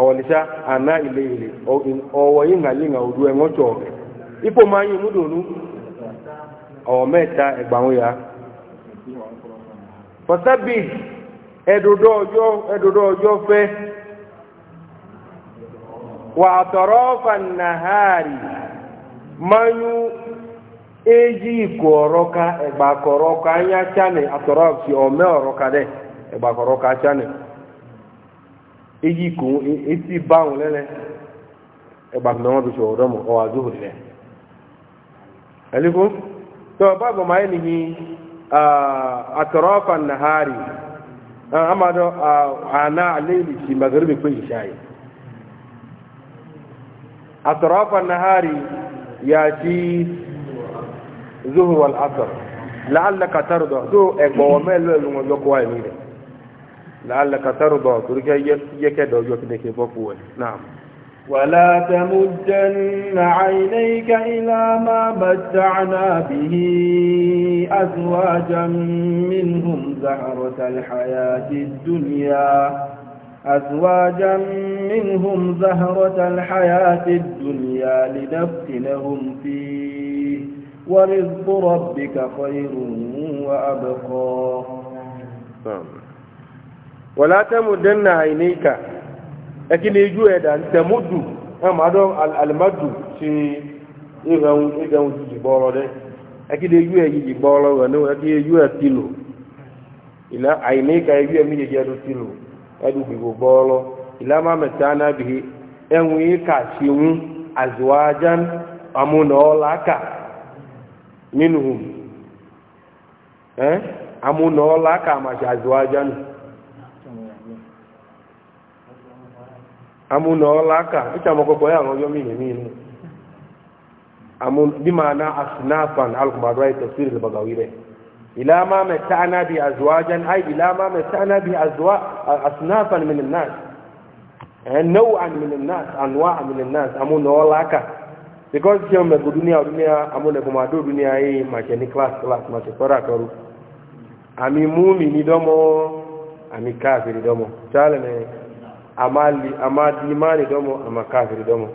ọwọlisa ana ile ile ọwọ yi ŋa li ŋa o du ẹŋọ tsɔ ọbẹ ipo maa yi mudonu ọwọ mẹta ẹgbawo ya fọsabi ẹdodo ọjọ ẹdodo ọjọ fẹ wà àtọrọ fanahari manyu eji ikọ ọrọ ka ẹgbakọrọ ka anya tsani àtọrọ fi ọmẹ ọrọ dẹ ẹgbakọrọ ka eyi ko eti báwọn lẹ́lẹ́ ẹgbà tó lọ́wọ́ bí sọ ọ̀dọ́ mọ̀ ọwà zuhuri rẹ̀ ẹ̀lẹ́kọ́ tó bá bọ̀ máa ní ní àtọ̀rọ̀fà nàhárì amadu àná wal لعلك ترضى ترجى يكد يكنك بقوة نعم ولا تمدن عينيك إلى ما متعنا به أزواجا منهم زهرة الحياة الدنيا أزواجا منهم زهرة الحياة الدنيا لنفتنهم فيه ورزق ربك خير وأبقى نعم. wala tamudanna ainihka lakini iju eda tamuddu ama do almadu ti iran iran jiji boro de lakini iju e boro wa no lakini iju e tilo ila ainihka iju e mi je do tilo adu bi boro ila ma metana enwi ka azwajan amuna olaka minhum eh amuna olaka ma azwajan amúnà ọláka ìtàmọ́kọ̀kọ̀ yà àwọn ọjọ́ mìíràn mìíràn amun bí máa ná asinafan alùpùpàdọ́ àìtọ́ sí ìrìnlẹ̀ bàgàwí rẹ̀ ìlà máa mẹ tánà bí azuwajan àì ìlà máa mẹ tánà bí azuwa asinafan mìíràn náà ẹ̀ náwó àmìlẹ̀ náà ànúwà àmìlẹ̀ náà amúnà ọláka because ṣé ọmọ ẹ̀kọ́ dúnìá dúnìá amúnẹ̀kọ́ máa dó dúnìá yìí máa ṣe ní class class amali amadi imani domo ama kafiri domo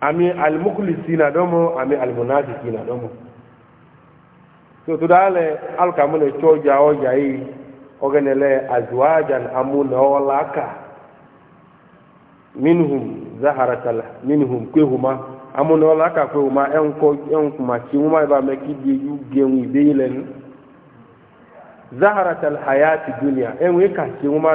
ami almukhlisina domo ami almunafiqina domo so to dale alkamule choja oja yi ogenele azwajan amuna olaka. minhum zaharatala minhum kwehuma amuna olaka kwehuma enko enkuma chiuma ba meki yu genu ibeilen zaharatal hayati dunya enwe ka chiuma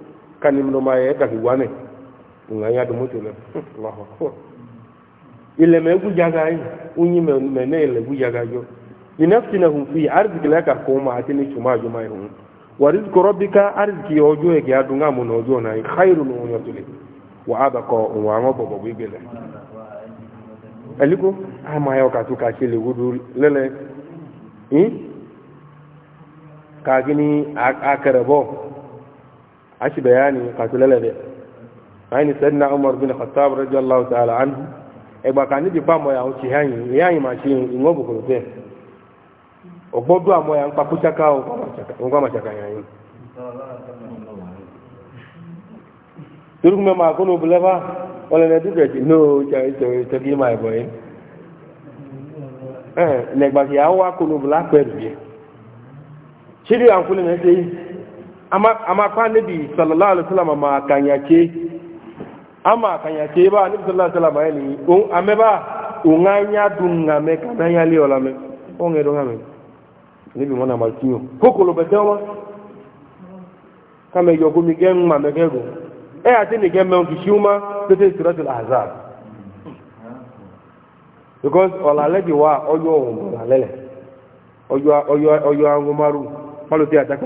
kani mno maye eh, daki wane nganya do moto le (laughs) Allahu akbar ile me gu jaga yi unyi me me ne ile gu jaga yo linafsinahum fi arziki laka kuma atini chuma juma yi wa rizqu rabbika arziki ojo e ga dunga mun ojo na yi khairun unyatule wa abaka wa ngo bobo bibele aliko ama ah, yo ka tuka chile wudu lele hmm kagini akarabo ashi bayani kakulele de ayni sayyidina umar bin khattab radiyallahu ta'ala anhu egba kan ni pa mo ya o ti hayin yayin ma shi ingo bu ko te ogbodu amo ya npa kuchaka o ko machaka o ko ma ko bulaba wala na duka ti no ja ito to gi ma boy eh negba ki awa ko no bula pe bi chiri ankule na sei kwa nabi sallallahu alaihi wasallam ma kanyace ama kanyace ba nabi sallallahu alaihi wasallam yani on ameba anya dunga me kana yali ola me onge dunga me nabi mona malkinyo kokolo betema kama yogo mi gen ma megego e ati ni gen me on kishuma tete suratul ahzab because ola lebi wa oyo lele oyo oyo oyo angumaru ti ataka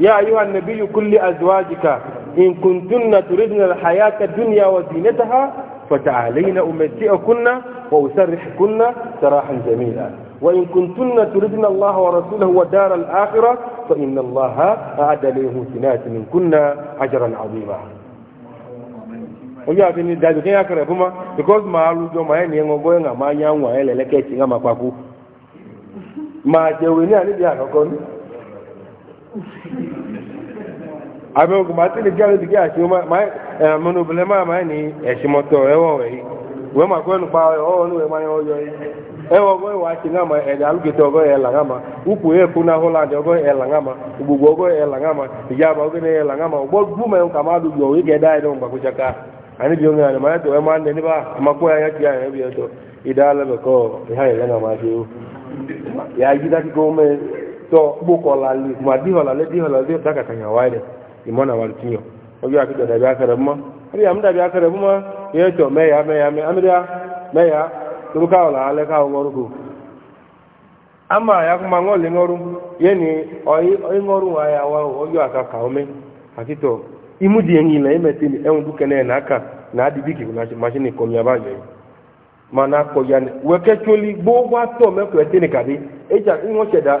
يا أيها النبي كل أزواجك إن كنتن تردن الحياة الدنيا وزينتها فتعالين أمتئكن وأسرحكن سراحا جميلا وإن كنتن تردن الله ورسوله ودار الآخرة فإن الله أعد له للمحسنات منكن أجرا عظيما ojú àti ní dadu kí n yà because ma because màá ma màá ní ẹ̀ngọ́ gbọ́ ẹ̀ngà máa yá wọn ẹ̀ lẹ́lẹ́kẹ́ ẹ̀tì ńgà máa ma je we ní ani bi àkọ́kọ́ ní. àbẹ ogun bá tẹlẹ gíga lóde gíga tí ó máa mọnú obìnrin máa máa ní ẹsìn mọtò ẹwọ rẹ yìí ìwé màkú ẹnu pa ọwọ olúwẹ máa yọ yọ yìí ẹwọ ọgọ ìwà àti ńláma ẹdá alùpùpù ọgọ ẹ làǹgàmà ukwu ẹkú náà holland ọgọ ẹ làǹgàmà gbogbo ọgọ ẹ làǹgàmà ìjàmbá ọgọ ẹ làǹgàmà ọgbọ gbúmọ ẹnu kàmá dùn yọ wíkẹ dáa ẹdọ gbàgbó ṣaka àní bí omi ma, máa tọ ẹ máa ń dẹ níbà àmàkú ẹ yàtí àyàn ẹbí ẹtọ ìdá imona waltinyo ojo akida da biya kare mu ri amda biya ye to me ya me ya me amda me ya duru ka ola ale ka ngoru ku ama ya kuma ngol ngoru ye ni oyi oyi ngoru wa ya wa ojo aka ka ome akito imudi enyi na imeti ni enwu dukene na aka na adibi ki machine ko mi abaje mana ko weke choli me ko etini kadi eja cheda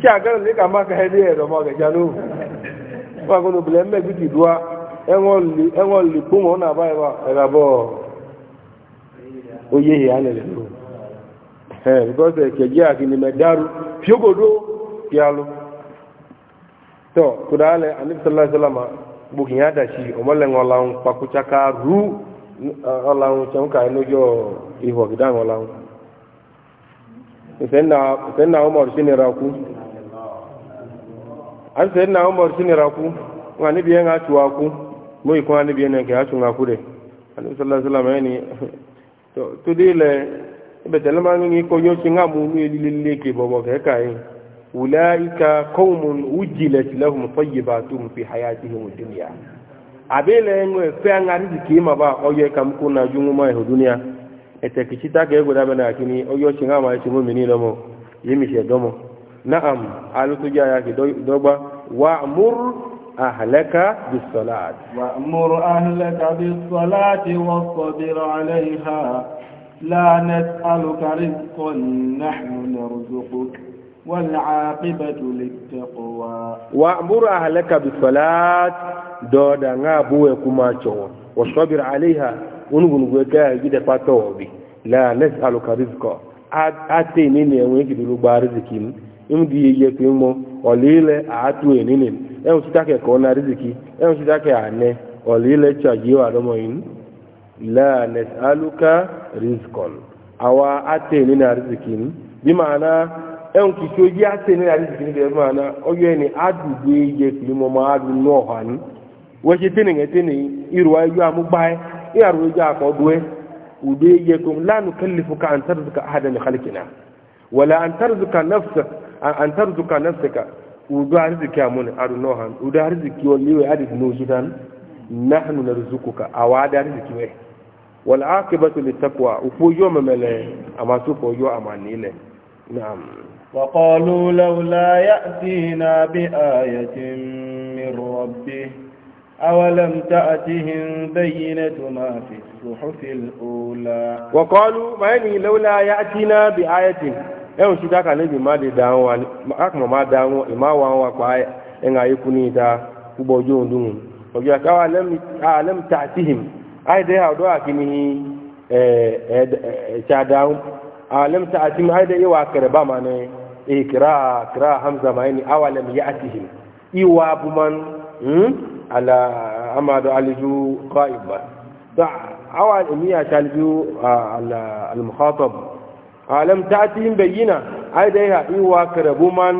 tí àgẹ́rù ní kà máa kẹ́hẹ́ ní ẹ̀rọ máa kẹ̀já ló wọ́n àgbọ̀nà obìnrin mẹ́gbì ti dùá ẹ̀wọ̀n lè kó wọn náà báyìí wà ẹ̀rọ bọ́ oyè ìyá nílẹ̀ ló ẹ̀ bíkọ́sì ẹ̀kẹ́jẹ́ àkìní mẹ́dárù fíógòdó kí a lọ. tọ́ tó ìfẹ́ ọmọ an sai na umar shi ne raku wani biyan a tuwa ku mu ikon wani biyan yanke a tun aku dai annabi sallallahu alaihi wasallam (laughs) ne to to dile ibe telma ngi ko yo ci ngamu ni lille ke bobo ke kai ulaika qaumun ujilat lahum tayyibatum fi hayatihim dunya abele ngwe fe ngari ma ba oye kam kuna jungu mai ho dunya ete kichita ke goda bana akini oyo ci ngama ci mu mini lomo yimi na'am alutuja yake dogba wa'mur ahlaka bis-salat wa'mur ahlaka bis-salati was-sabir 'alayha la nas'aluka rizqan nahnu narzuquk wal-'aqibatu lit-taqwa wa'mur ahlaka bis-salat doda ngabuwe kumacho was-sabir 'alayha unugunugwe ka gide patobi la nas'aluka rizqan ate nini enwe kidulu ba imdi yeye fi mo olile aatu enini e un sitake ko na riziki e un sitake ane olile chaji wa romo in la nasaluka rizqan awa ate ni na riziki bi maana e un kicho ji ate ni na riziki ni bi maana oyo ni adu yeye fi mo ma adu no han wo se tini ngete ni irwa yu amugbae iyaru yu akodwe ude yeye ko la nukallifuka an tarzika ahadan khalqina ولا أن ترزق نفسك an tarzuka nafsaka udu arziki amun aruno han udu arziki waliwe adi nujudan nahnu narzukuka awada arziki we wal aqibatu littaqwa ufujo memele amasu fojo amanile na'am وقالوا لولا يأتينا بآية من ربه أولم تأتهم بينة ما في الصحف الأولى وقالوا ما لولا يأتينا بآية ẹ̀hùn e ṣúgá kà níbi má de da wọn akọ̀mọ̀ má da wọn ìmá wa wọn pa ẹ̀hùn ayéku ní ìta púpọ̀ ojú òun dùn ọjọ́ àkáwà alẹ́m tààtìhìm àìdẹ́ àdó àkíní ẹ̀ẹ́dáhùn alẹ́m tààtìhìm àìdẹ́ ìwà kẹrẹ̀bá ma ní ìkìrá kìrá hamza ma ní awalẹ́m yá àtìhìm ìwà abuman hmm, ala amadu aliju kọ́ ìgbà. awa emiya ta aliju al-mukhatab alam ta'tihim bayyina ai dai ha iwa karabu man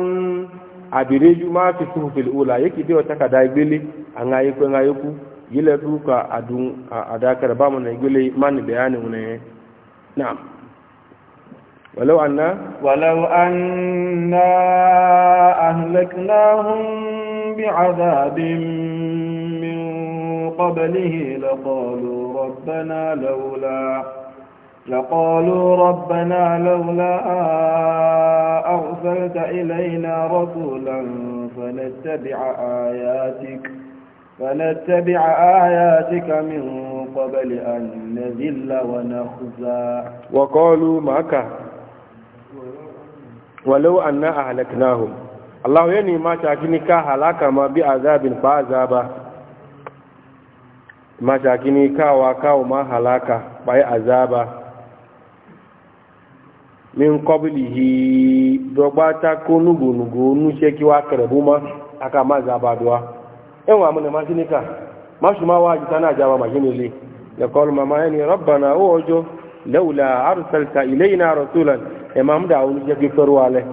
abireju ma fi suhufil ula yake bi wata kada gbele an ayi ko ayi ku yila duka adun adakar ba mun gbele man bayani mun na'am ولو أن ولو أنا أهلكناهم بعذاب من قبله لقالوا ربنا لولا لقالوا ربنا لولا أرسلت إلينا رسولا فنتبع آياتك فنتبع آياتك من قبل أن نذل ونخزى وقالوا معك ولو أن أهلكناهم الله يني ما شاكنك هلاك ما بعذاب فعذابا ما شاكنك وكاو ما هلاك بأي عذابا min qablihi dogbata ko nugu nugu nu sheki wa karabu ma aka ma zaba duwa en wa mun ma sinika ma shuma wa ji tana jama ma gini le ya qul mama yani rabbana o ojo laula arsalta ilaina rasulan imam da wani sheki farwa le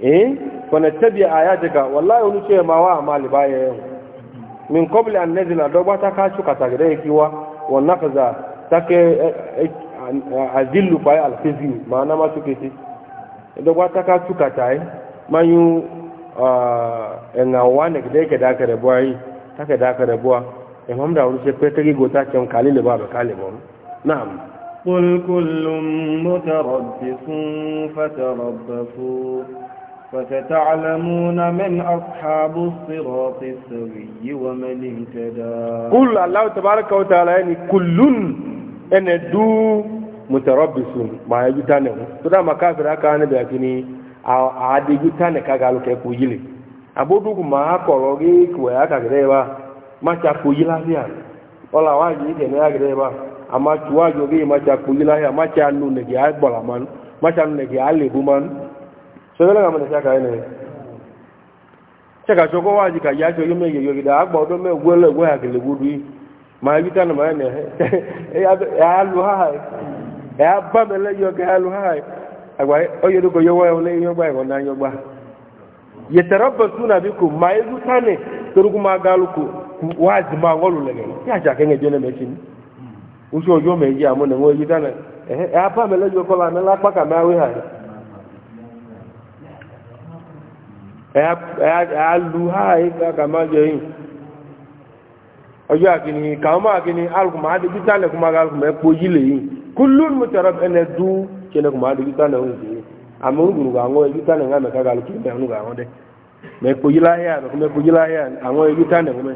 eh kana tabi ayataka wallahi wani ce ma amali baya yau min qabli an nazila dogbata wa naqza take azillu fa alfizi maana masukiti dogwa taka tukatai manyu enga wane kide ke da kare boa yi take da kare boa imam da wuri shepe tagi gota kem kalile ba ba kalimon na'am qul kullum mutarabbisun fatarabbasu فستعلمون من أصحاب الصراط السوي ومن اهتدى قل الله تبارك وتعالى يعني كل أن دو mutarabbisun ma ya juta ne to da makafir aka ne da kini a adi juta ne kaga lo ke ku yile abodu ku ma ko lo gi ku ya ka gre ba ma cha ku yila ya ola wa ji de ne ya gre ba ama tuwa jo gi ma cha ku yila ya ma cha nu ne gi ay bola man ma cha nu ne gi ale bu man so le ga ma ne cha ka ne cha ka jo ko wa ji ka ya jo yo me yo gi da agbo do me wo le wo ya gele wudu ma ya juta ne ma ne (laughs) ya lu ha ẹ̀yà bá mi lẹ́yìn ọgá alùháì àgbà ọyọ́dúkọ̀ yọwọ́ ẹ̀wọ̀n lẹ́yìn ọgbà ẹ̀wọ̀n náà yọgbà yẹtẹ̀rọ bẹ̀ tún nàbí kò máa ezu tánì torúkú máa ga alùkò wá àti máa wọ́lù lẹ̀gẹ̀ kí àṣà kẹ́ngẹ̀ jẹ́ lẹ́mẹ̀ẹ́sì ni oṣù ọjọ́ mẹ́jì àmọ́ nà wọ́n yí tánà ẹ̀yà mi lẹ́yìn lànà lápá hà kullun mutarab ene du kele ko madu kita na unzi amu guru ga ngo kita na ngame ka galu kile anu ga ngode me ko yila ya ko me ko yila ya ango e kita na ngome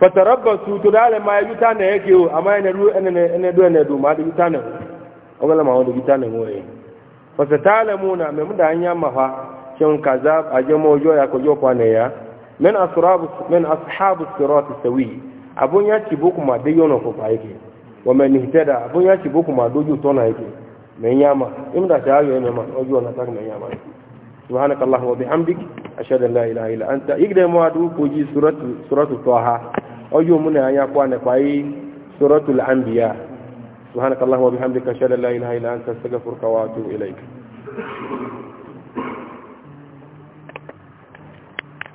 fatarabbasu to dale ma e kita na yake o ama ene du ene ene du ene du madu kita na o gala ma ngode kita na ngoye fasatalamuna me munda anya mafa kin kazab ajemo jo ya ko jo kwane ya min asrabu min ashabu sirat sawi abun ya ci bukuma dai wọ́n ni tẹ́dà bó yá ti bókùn máa dójú tọ́nà ẹ̀kẹ́ mẹ́yàmà ìmúdà tí a yọ ẹ̀mẹ́mà ọjọ́ ọ̀nà tak mẹ́yàmà ẹ̀kẹ́ subhana wa bihamdik ashhadu an la ilaha illa anta igde mo adu ko ji suratu suratu taha ojo mun anya ko ne pai suratu al anbiya subhana wa bihamdik ashhadu an la ilaha illa anta astaghfiruka wa atubu ilaik